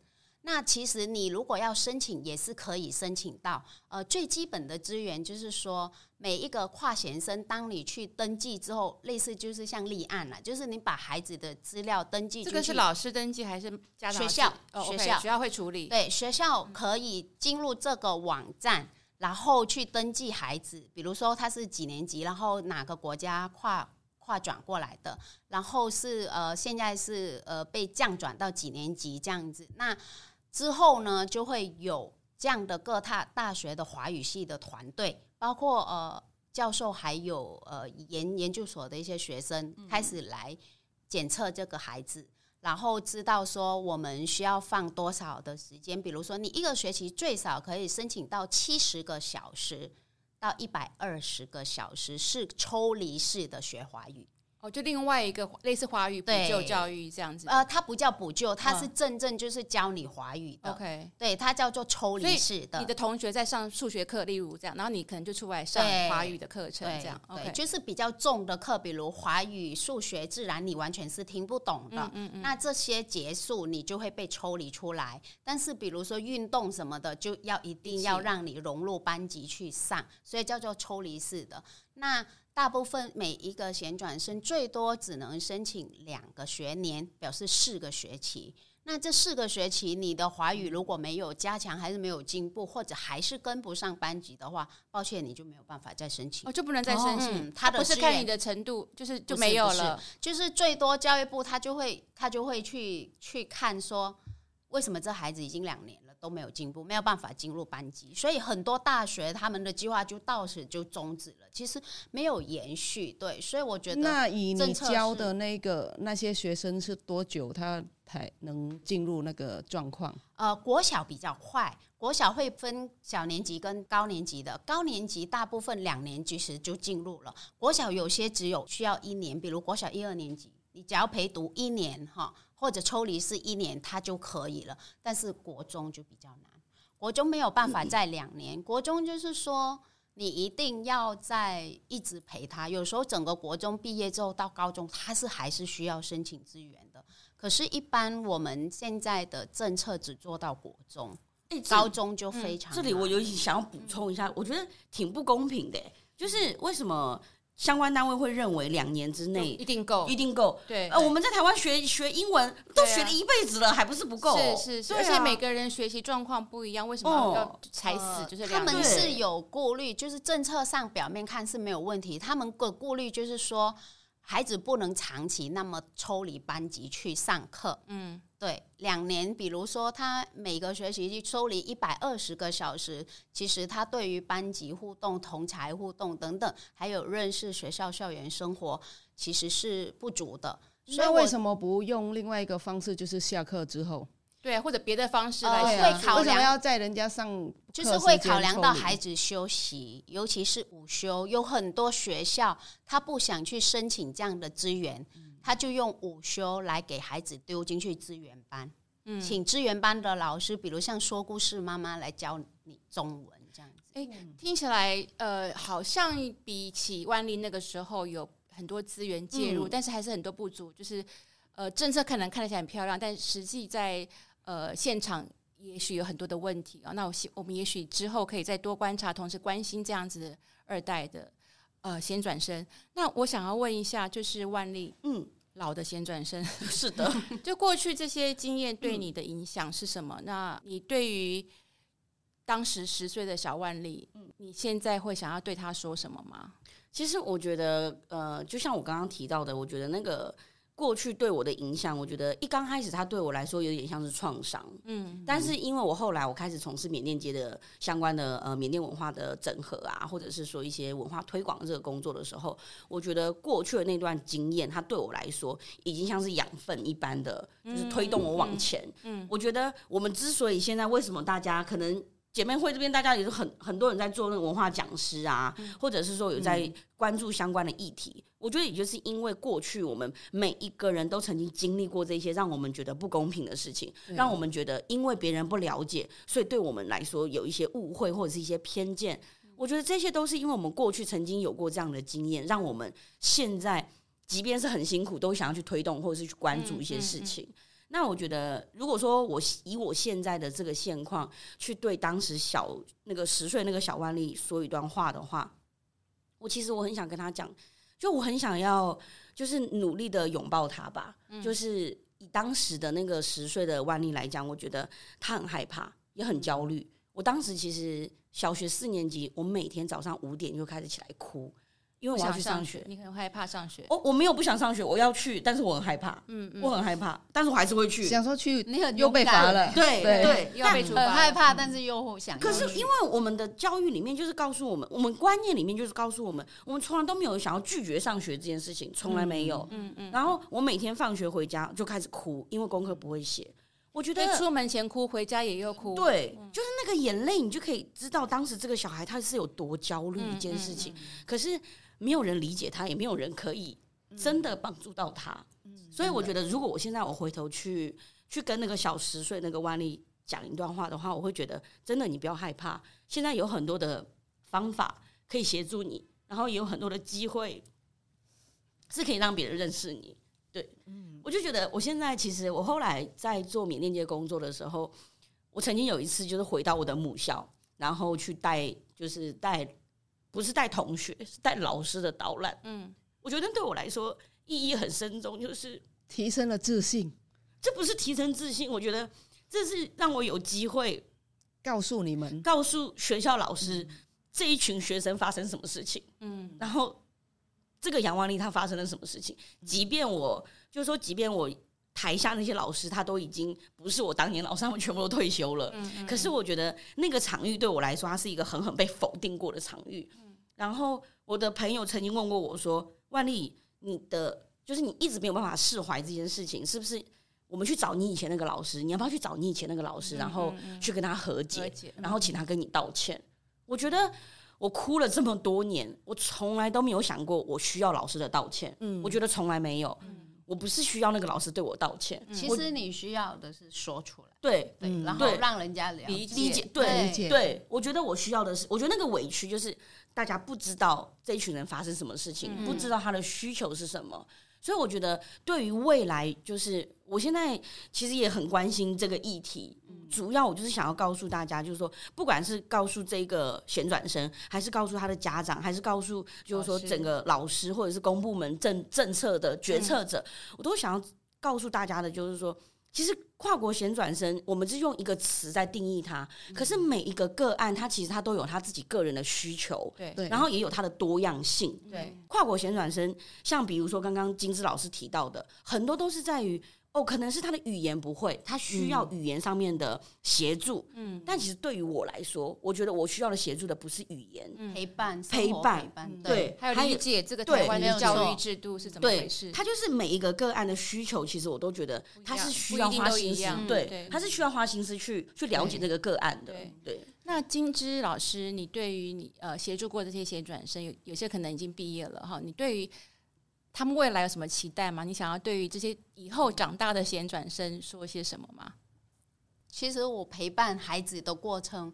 那其實你如果要申請，也是可以申請到。呃，最基本的資源就是說，每一個銜轉生，當你去登記之後，類似就是像立案了，就是你把孩子的資料登記。這個是老師登記還是家長、哦？學校學校學校會處理。對，學校可以進入這個網站，然後去登記孩子。比如說他是幾年級，然後哪個國家跨跨轉過來的，然後是呃現在是呃被降轉到幾年級這樣子。那之後呢，就會有這樣的各大大學的華語系的團隊，包括呃教授，還有呃研研究所的一些學生，開始來檢測這個孩子，嗯，然後知道說我們需要放多少的時間。比如說，你一個學期最少可以申請到七十個小時到一百二十個小時，是抽離式的學華語。就另外一個類似華語補救教育這樣子，呃，它不叫補救，它是真正就是教你華語的。OK，嗯，對，它叫做抽離式的。你的同學在上數學課，例如這樣，然後你可能就出來上華語的課程這樣。對，這樣，對，okay，就是比較重的課，比如華語、數學、自然，你完全是聽不懂的。嗯嗯嗯，那這些結束，你就會被抽離出來。但是比如說運動什麼的，就要一定要讓你融入班級去上，所以叫做抽離式的。那大部分每一個銜轉生最多只能申請兩個學年，表示四個學期。那這四個學期，你的華語如果沒有加強，還是沒有進步，或者還是跟不上班級的話，抱歉，你就沒有辦法再申請，哦、就不能再申請。哦嗯、他的他不是看你的程度，就是就沒有了，是是就是最多教育部他就會他就會去去看說，為什麼這孩子已經兩年了。都沒有進步，沒有辦法進入班級，所以很多大學他們的計劃就到此就終止了。其實沒有延續，對，所以我覺得，那你教的那個那些學生是多久他才能進入那個狀況？呃，國小比較快，國小會分小年級跟高年級的，高年級大部分兩年其實就進入了，國小有些只有需要一年，比如國小一二年級，你只要陪讀一年哈。或者抽離是一年，他就可以了。但是國中就比較難，國中沒有辦法在兩年、嗯。國中就是說，你一定要在一直陪他。有時候整個國中畢業之後到高中，他是還是需要申請資源的。可是，一般我們現在的政策只做到國中，欸、高中就非常難、嗯。這裡我尤其想要補充一下、嗯，我覺得挺不公平的，就是為什麼？相關單位會認為兩年之內一定夠，一定夠。對，呃，我們在台灣學學英文都學了一輩子了、啊，還不是不夠？是是是、啊。而且每個人學習狀況不一樣，為什麼要才死？就、哦、是、呃、他們是有顧慮，就是政策上表面看是沒有問題，他們的顧慮就是說孩子不能長期那麼抽離班級去上課。嗯。對，兩年，比如說他每個學期抽離一百二十個小時，其實他對於班級互動、同儕互動等等，還有認識學校校園生活，其實是不足的。所以那為什麼不用另外一個方式，就是下課之後？對，或者別的方式來考、呃、會考量。要在人家上就是會考量到孩子休息，尤其是午休，有很多學校他不想去申請這樣的資源。嗯他就用午休來給孩子丟進去資源班，嗯、請資源班的老師，比如像說故事媽媽來教你中文這樣子。誒、欸，聽起來呃，好像比起萬利那個時候有很多資源介入、嗯，但是還是很多不足。就是呃，政策可能看起來很漂亮，但實際在呃現場也許有很多的問題啊、哦。那我希我們也許之後可以再多觀察，同時關心這樣子二代的呃銜轉生。那我想要問一下，就是萬利，嗯。老的先轉身，是的。 就過去這些經驗對你的影響是什麼？嗯、那你對於當時十歲的小萬利，你現在會想要對他說什麼嗎？其實我覺得，呃，就像我剛剛提到的，我覺得那個。過去對我的影響，我覺得一剛開始，它對我來說有點像是創傷，嗯。但是因為我後來我開始從事緬甸街的相關的呃緬甸文化的整合啊，或者是說一些文化推廣這個工作的時候，我覺得過去的那段經驗，它對我來說已經像是養分一般的，嗯，就是推動我往前嗯嗯。嗯，我覺得我們之所以現在為什麼大家可能。姐妹會這邊，大家也是很很多人在做那個文化講師啊，或者是說有在關注相關的議題，嗯。我覺得也就是因為過去我們每一個人都曾經經歷過這些讓我們覺得不公平的事情，讓我們覺得因為別人不了解，所以對我們來說有一些誤會或者是一些偏見。我覺得這些都是因為我們過去曾經有過這樣的經驗，讓我們現在即便是很辛苦，都想要去推動或者是去關注一些事情。嗯嗯嗯那我覺得，如果說我以我現在的這個現況去對當時小那個十歲那個小萬利說一段話的話，我其實我很想跟他講，就我很想要就是努力的擁抱他吧，嗯、就是以當時的那個十歲的萬利來講，我覺得他很害怕，也很焦慮。我當時其實小學四年級，我每天早上五點就開始起來哭。因為我要去上學，上你很害怕上學。我我沒有不想上學，我要去，但是我很害怕。嗯,嗯我很害怕，但是我還是會去。想說去，你很又被罰了。對對，對又被處罰但很害怕、嗯，但是又想。可是因為我們的教育裡面就是告訴我們，我們觀念裡面就是告訴我們，我們從來都沒有想要拒絕上學這件事情，從來沒有。嗯嗯,嗯。然後我每天放學回家就開始哭，因為功課不會寫。我覺得出門前哭，回家也要哭。對、嗯，就是那個眼淚，你就可以知道當時這個小孩他是有多焦慮一件事情。嗯嗯嗯嗯、可是。沒有人理解他，也沒有人可以真的幫助到他。嗯、所以我覺得，如果我現在我回頭去、嗯、去跟那個小十歲那個萬利講一段話的話，我會覺得真的，你不要害怕。現在有很多的方法可以協助你，然後也有很多的機會是可以讓別人認識你。對，嗯、我就覺得，我現在其實我後來在做緬甸街工作的時候，我曾經有一次就是回到我的母校，然後去帶就是帶。不是帶同學，是帶老師的導覽。嗯，我覺得對我來說意義很深重，就是提升了自信。這不是提升自信，我覺得這是讓我有機會告訴你們，告訴學校老師、嗯、這一群學生發生什麼事情。嗯，然後這個楊萬利她發生了什麼事情。即便我就是說，即便我台下那些老師，他都已經不是我當年老師，他們全部都退休了。嗯嗯，可是我覺得那個場域對我來說，它是一個狠狠被否定過的場域。然後我的朋友曾經問過我說：“萬利，你的就是你一直沒有辦法釋懷這件事情，是不是？我們去找你以前那個老師，你要不要去找你以前那個老師，嗯、然後去跟他和解，和解，然後請他跟你道歉、嗯？”我覺得我哭了這麼多年，我從來都沒有想過我需要老師的道歉。嗯，我覺得從來沒有。嗯，我不是需要那個老師對我道歉。嗯、其實你需要的是說出來，對，對對，然後讓人家理理解。對，對，對理解，對，我覺得我需要的是，我覺得那個委屈就是。大家不知道這一群人發生什麼事情，嗯嗯，不知道他的需求是什麼，所以我覺得對於未來，就是我現在其實也很關心這個議題。主要我就是想要告訴大家，就是說，不管是告訴這個銜轉生，還是告訴他的家長，還是告訴就是說整個老師或者是公部門政政策的決策者，嗯嗯，我都想要告訴大家的，就是說。其實跨國銜轉生，我們是用一個詞在定義它。可是每一個個案，它其實它都有它自己個人的需求，對，然後也有它的多樣性。對，跨國銜轉生，像比如說剛剛金枝老師提到的，很多都是在於。哦，可能是他的語言不會，他需要語言上面的協助。嗯，但其實對於我來說，我覺得我需要的協助的不是語言、嗯、陪伴陪伴，陪伴對,對，還有理解這個台灣的教育制度是怎麼回事？他就是每一個個案的需求，其實我都覺得他是需要花心思，對，他是需要花心思去去了解這個個案的。對，對對對那金枝老師，你對於你呃協助過這些銜轉生有有些可能已經畢業了哈，你對於。他們未來有什麼期待嗎？你想要對於這些以後長大的銜轉生說些什麼嗎？其實我陪伴孩子的過程，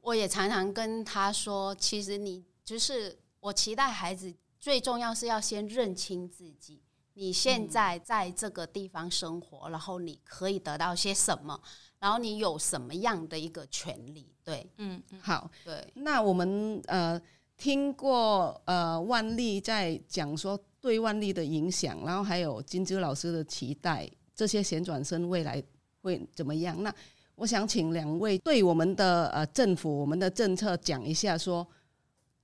我也常常跟他說，其實你就是我期待孩子最重要是要先認清自己，你現在在這個地方生活，嗯，然後你可以得到些什麼，然後你有什麼樣的一個權利？對，嗯，好，對。那我們呃聽過呃萬利在講說對萬利的影響，然後還有金枝老師的期待，這些銜轉生未來會怎麼樣？那我想請兩位對我們的呃政府、我們的政策講一下說，說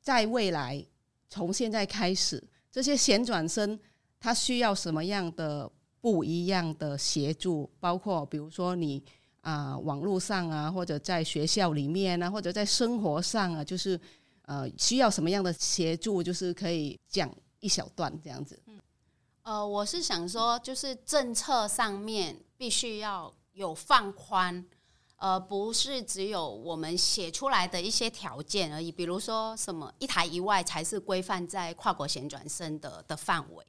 在未來從現在開始，這些銜轉生它需要什麼樣的不一樣的協助？包括比如說你啊、呃，網絡上啊，或者在學校裡面啊，或者在生活上啊，就是呃需要什麼樣的協助？就是可以講。一小段這樣子，嗯，呃，我是想說，就是政策上面必須要有放寬，而、呃、不是只有我們寫出來的一些條件而已，比如說什麼一台一外才是規範在跨國銜轉生的的範圍。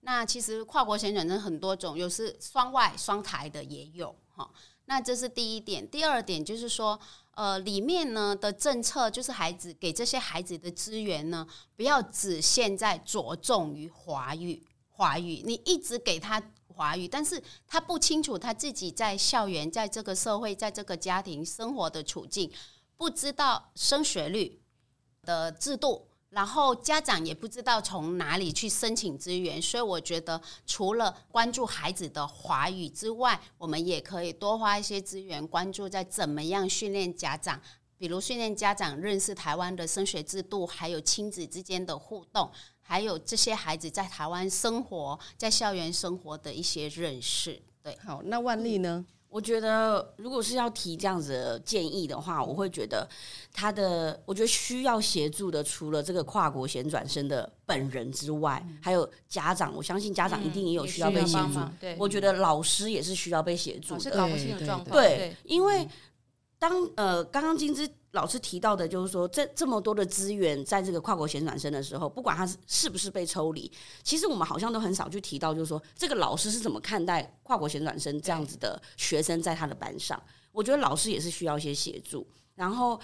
那其實跨國銜轉生很多種，又是雙外雙台的也有哈。那這是第一點，第二點就是說。呃，裡面呢的政策就是孩子給這些孩子的資源呢，不要只現在着重於華語，華語，你一直給他華語，但是他不清楚他自己在校園、在這個社會、在這個家庭生活的處境，不知道升學率的制度。然後家長也不知道從哪裡去申請資源，所以我覺得除了關注孩子的華語之外，我們也可以多花一些資源，關注在怎麼樣訓練家長，比如訓練家長認識台灣的升學制度，還有親子之間的互動，還有這些孩子在台灣生活在校園生活的一些認識。對，好，那萬利呢？嗯我覺得，如果是要提這樣子的建議的話，我會覺得他的，我覺得需要協助的，除了這個跨國銜轉生的本人之外、嗯，還有家長。我相信家長一定也有需要被協助、嗯，也是有辦法。我覺得老師也是需要被協助的，搞不清楚狀況。對，因為當呃，剛剛金枝。老師提到的，就是說，這這麼多的資源，在這個跨國銜轉生的時候，不管他是，是不是被抽離，其實我們好像都很少去提到，就是說，這個老師是怎麼看待跨國銜轉生這樣子的學生在他的班上？我覺得老師也是需要一些協助。然後，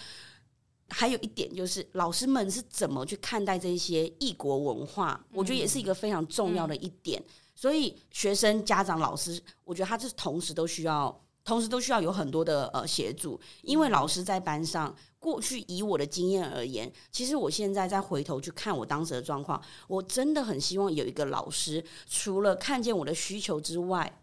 還有一點就是，老師們是怎麼去看待這些異國文化、嗯？我覺得也是一個非常重要的一點。嗯、所以，學生、家長、老師，我覺得他是同時都需要。同時都需要有很多的呃協助，因為老師在班上，過去以我的經驗而言，其實我現在再回頭去看我當時的狀況，我真的很希望有一個老師，除了看見我的需求之外。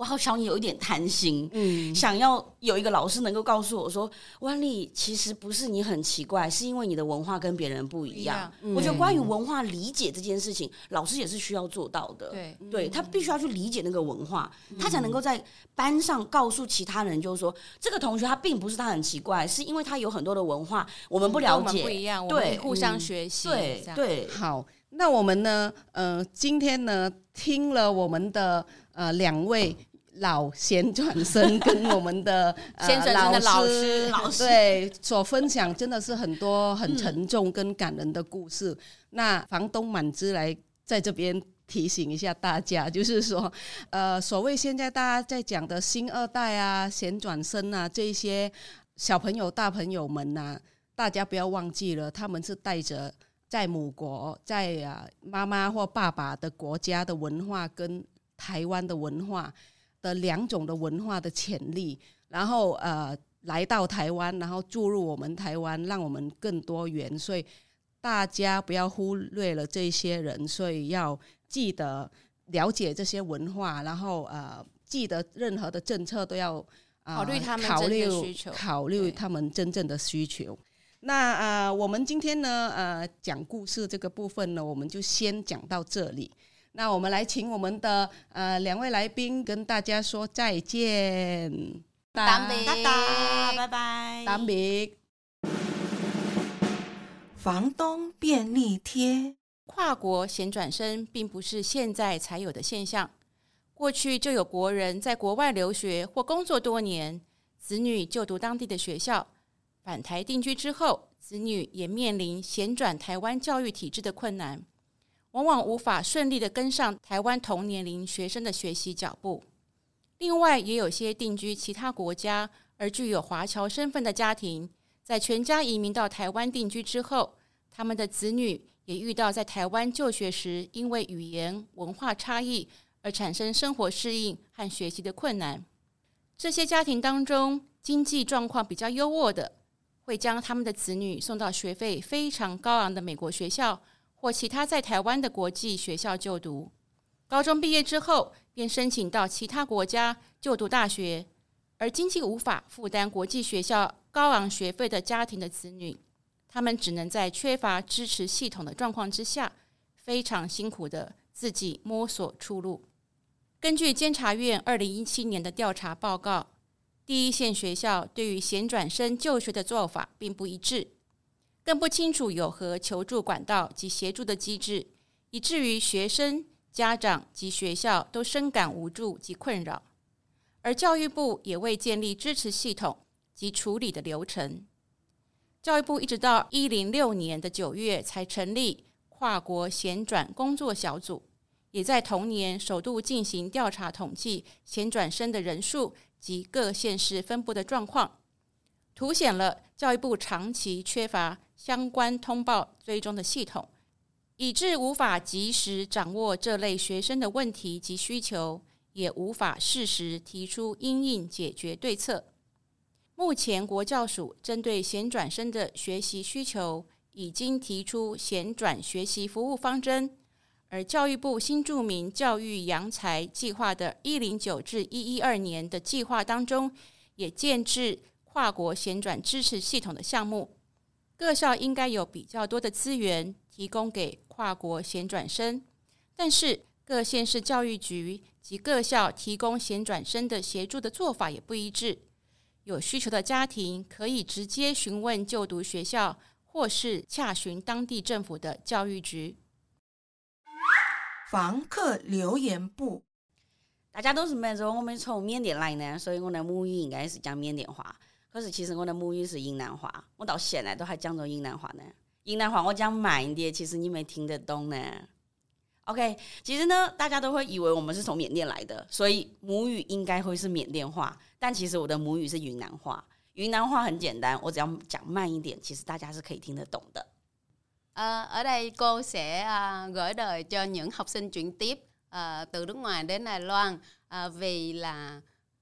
我好想有一點貪心，嗯，想要有一個老師能夠告訴我說，萬利其實不是你很奇怪，是因為你的文化跟別人不一樣。一樣嗯、我覺得關於文化理解這件事情、嗯，老師也是需要做到的，對，對、嗯、他必須要去理解那個文化，嗯、他才能夠在班上告訴其他人，就是說、嗯、這個同學他並不是他很奇怪，是因為他有很多的文化我們不了解，不一樣，對，我們互相學習、嗯，對，對，好，那我們呢，呃，今天呢，聽了我們的呃兩位。老銜轉生跟我們的、 呃、銜轉生的老師老師對所分享真的是很多很沉重跟感人的故事、嗯。那房東滿之來在這邊提醒一下大家，就是說，呃，所謂現在大家在講的新二代啊、銜轉生啊這些小朋友、大朋友們吶、啊，大家不要忘記了，他們是帶着在母國在啊媽媽或爸爸的國家的文化跟台灣的文化。的兩種的文化的潛力，然後呃來到台灣，然後注入我們台灣，讓我們更多元。所以大家不要忽略了這些人，所以要記得了解這些文化，然後呃記得任何的政策都要、呃、考慮他們真正需求，考慮他們真正的需求。那呃我們今天呢呃講故事這個部分呢，我們就先講到這裡。那我們來請我們的呃兩位來賓跟大家說再見，當兵，當兵，拜拜，當兵。房東便利貼，跨國銜轉生並不是現在才有的現象，過去就有國人在國外留學或工作多年，子女就讀當地的學校，返台定居之後，子女也面臨銜轉台灣教育體制的困難。往往無法順利的跟上台灣同年齡學生的學習腳步。另外，也有些定居其他國家而具有華僑身份的家庭，在全家移民到台灣定居之後，他們的子女也遇到在台灣就學時，因為語言文化差異而產生生活適應和學習的困難。這些家庭當中，經濟狀況比較優渥的，會將他們的子女送到學費非常高昂的美國學校。或其他在台灣的國際學校就讀，高中畢業之後便申請到其他國家就讀大學。而經濟無法負擔國際學校高昂學費的家庭的子女，他們只能在缺乏支持系統的狀況之下，非常辛苦的自己摸索出路。根據監察院二零一七年的調查報告，第一線學校對於銜轉生就學的做法並不一致。更不清楚有何求助管道及協助的機制，以至於學生、家長及學校都深感無助及困擾。而教育部也未建立支持系統及處理的流程。教育部一直到一零六年的九月才成立跨國銜轉工作小組，也在同年首度進行調查統計銜轉生的人數及各縣市分布的狀況。凸顯了教育部長期缺乏相關通報追蹤的系統，以致無法及時掌握這類學生的問題及需求，也無法適時提出因應解決對策。目前，國教署針對銜轉生的學習需求，已經提出銜轉學習服務方針，而教育部新住民教育揚才計劃的一零九至一一二年的計劃當中，也建置跨國銜轉支持系統的項目，各校應該有比較多的資源提供給跨國銜轉生，但是各縣市教育局及各校提供銜轉生的協助的做法也不一致。有需求的家庭可以直接詢問就讀學校，或是洽詢當地政府的教育局。房客留言簿，大家都是來自我們從緬甸來的，所以我的母語應該是講緬甸話。可是，其實我的母語是雲南話，我到現在都還講着雲南話呢。雲南話我講慢一點，其實你沒聽得懂呢。OK，其實呢，大家都會以為我們是從緬甸來的，所以母語應該會是緬甸話。但其實我的母語是雲南話，雲南話很簡單，我只要講慢一點，其實大家是可以聽得懂的。呃，uh, ở đây, cô sẽ, uh, gửi lời cho những học sinh chuyển tiếp, uh, từ nước ngoài đến Đài Loan, uh, vì là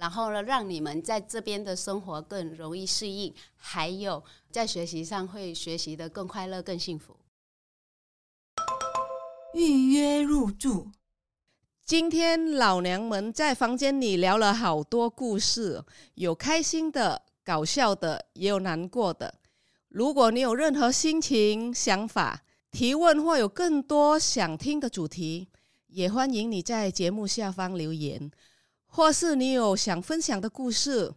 然後呢，讓你們在這邊的生活更容易適應，還有在學習上會學習得更快樂、更幸福。預約入住。今天老娘們在房間裡聊了好多故事，有開心的、搞笑的，也有難過的。如果你有任何心情、想法、提問，或有更多想聽的主題，也歡迎你在節目下方留言。或是你有想分享的故事、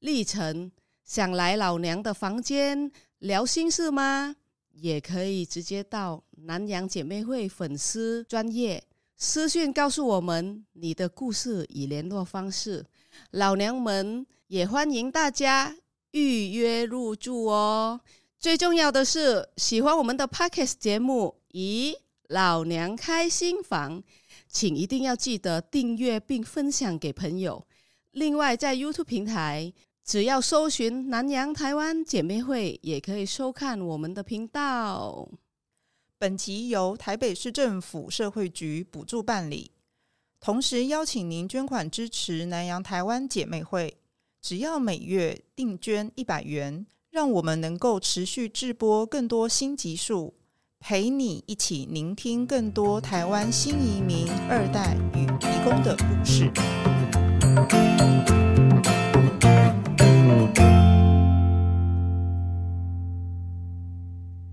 歷程，想來老娘的房間聊心事嗎？也可以直接到南洋姐妹會粉絲專業私訊告訴我們你的故事與聯絡方式。老娘們也歡迎大家預約入住哦。最重要的是，喜歡我們的 Podcast 節目，移？老娘開新房。請一定要記得訂閱並分享給朋友。另外，在 YouTube 平台，只要搜尋“南洋台灣姊妹會”，也可以收看我們的頻道。本集由台北市政府社會局補助辦理，同時邀請您捐款支持南洋台灣姊妹會。只要每月定捐一百元，讓我們能夠持續製播更多新集數，陪你一起聆聽更多台灣新移民二代與移工的故事。